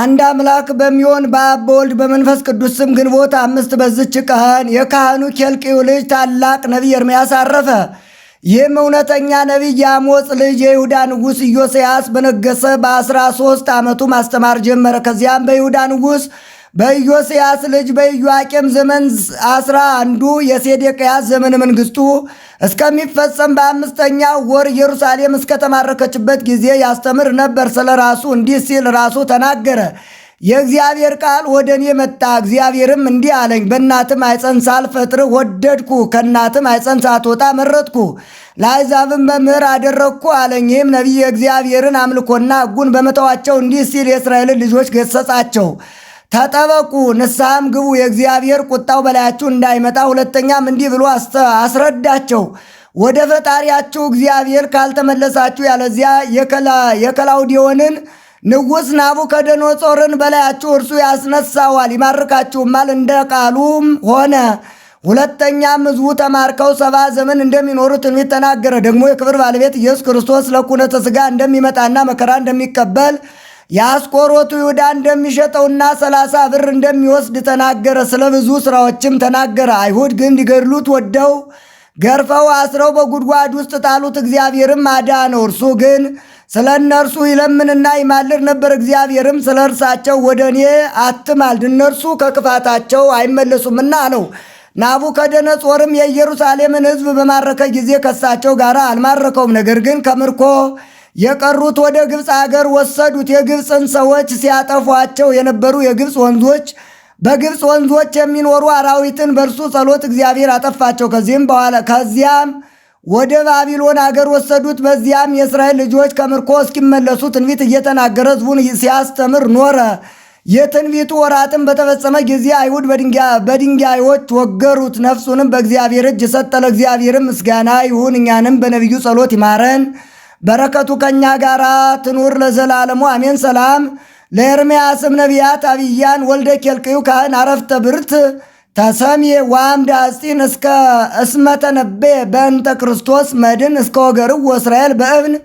አንድ አምላክ በሚሆን በአብ በወልድ በመንፈስ ቅዱስ ስም ግንቦት አምስት በዝች ቀን የካህኑ ኬልቅዩ ልጅ ታላቅ ነቢይ ኤርምያስ አረፈ። ይህም እውነተኛ ነቢይ የአሞጽ ልጅ የይሁዳ ንጉሥ ኢዮስያስ በነገሰ በአስራ ሦስት ዓመቱ ማስተማር ጀመረ። ከዚያም በይሁዳ ንጉሥ በኢዮስያስ ልጅ በኢዮአቄም ዘመን አስራ አንዱ የሴዴቅያስ ዘመን መንግስቱ እስከሚፈጸም በአምስተኛ ወር ኢየሩሳሌም እስከተማረከችበት ጊዜ ያስተምር ነበር። ስለ ራሱ እንዲህ ሲል ራሱ ተናገረ። የእግዚአብሔር ቃል ወደ እኔ መጣ። እግዚአብሔርም እንዲህ አለኝ፣ በእናትም አይፀን ሳልፈጥር ወደድኩ፣ ከእናትም አይፀን ሳትወጣ መረጥኩ፣ ለአሕዛብም መምህር አደረግኩ አለኝ። ይህም ነቢይ የእግዚአብሔርን አምልኮና ሕጉን በመተዋቸው እንዲህ ሲል የእስራኤልን ልጆች ገሰጻቸው። ተጠበቁ ንስሐም ግቡ፣ የእግዚአብሔር ቁጣው በላያችሁ እንዳይመጣ። ሁለተኛም እንዲህ ብሎ አስረዳቸው፣ ወደ ፈጣሪያችሁ እግዚአብሔር ካልተመለሳችሁ ያለዚያ የከላውዲዮንን ንጉሥ ናቡከደነጾርን በላያችሁ እርሱ ያስነሳዋል፣ ይማርካችሁማል። እንደ ቃሉም ሆነ። ሁለተኛም ሕዝቡ ተማርከው ሰባ ዘመን እንደሚኖሩ ትንቢት ተናገረ። ደግሞ የክብር ባለቤት ኢየሱስ ክርስቶስ ለኩነተ ሥጋ እንደሚመጣና መከራ እንደሚቀበል የአስቆሮቱ ይሁዳ እንደሚሸጠውና ሰላሳ ብር እንደሚወስድ ተናገረ። ስለ ብዙ ሥራዎችም ተናገረ። አይሁድ ግን ሊገድሉት ወደው ገርፈው አስረው በጉድጓድ ውስጥ ጣሉት። እግዚአብሔርም አዳነው። እርሱ ግን ስለ እነርሱ ይለምንና ይማልር ነበር። እግዚአብሔርም ስለ እርሳቸው ወደ እኔ አትማልድ፣ እነርሱ ከክፋታቸው አይመለሱምና አለው። ናቡከደነጾርም የኢየሩሳሌምን ሕዝብ በማረከ ጊዜ ከሳቸው ጋር አልማረከውም። ነገር ግን ከምርኮ የቀሩት ወደ ግብፅ አገር ወሰዱት። የግብፅን ሰዎች ሲያጠፏቸው የነበሩ የግብፅ ወንዞች በግብፅ ወንዞች የሚኖሩ አራዊትን በእርሱ ጸሎት እግዚአብሔር አጠፋቸው። ከዚህም በኋላ ከዚያም ወደ ባቢሎን አገር ወሰዱት። በዚያም የእስራኤል ልጆች ከምርኮ እስኪመለሱ ትንቢት እየተናገረ ሕዝቡን ሲያስተምር ኖረ። የትንቢቱ ወራትም በተፈጸመ ጊዜ አይሁድ በድንጋዮች ወገሩት። ነፍሱንም በእግዚአብሔር እጅ ሰጠ። ለእግዚአብሔርም ምስጋና ይሁን፣ እኛንም በነቢዩ ጸሎት ይማረን በረከቱ ከእኛ ጋር ትኑር ለዘላለሙ አሜን። ሰላም ለኤርምያስም ነቢያት አብያን ወልደ ኬልቅዩ ካህን አረፍተ ብርት ተሰሚ ዋምድ አስጢን እስከ እስመተነቤ በእንተ ክርስቶስ መድን እስከ ወገርው እስራኤል በእብን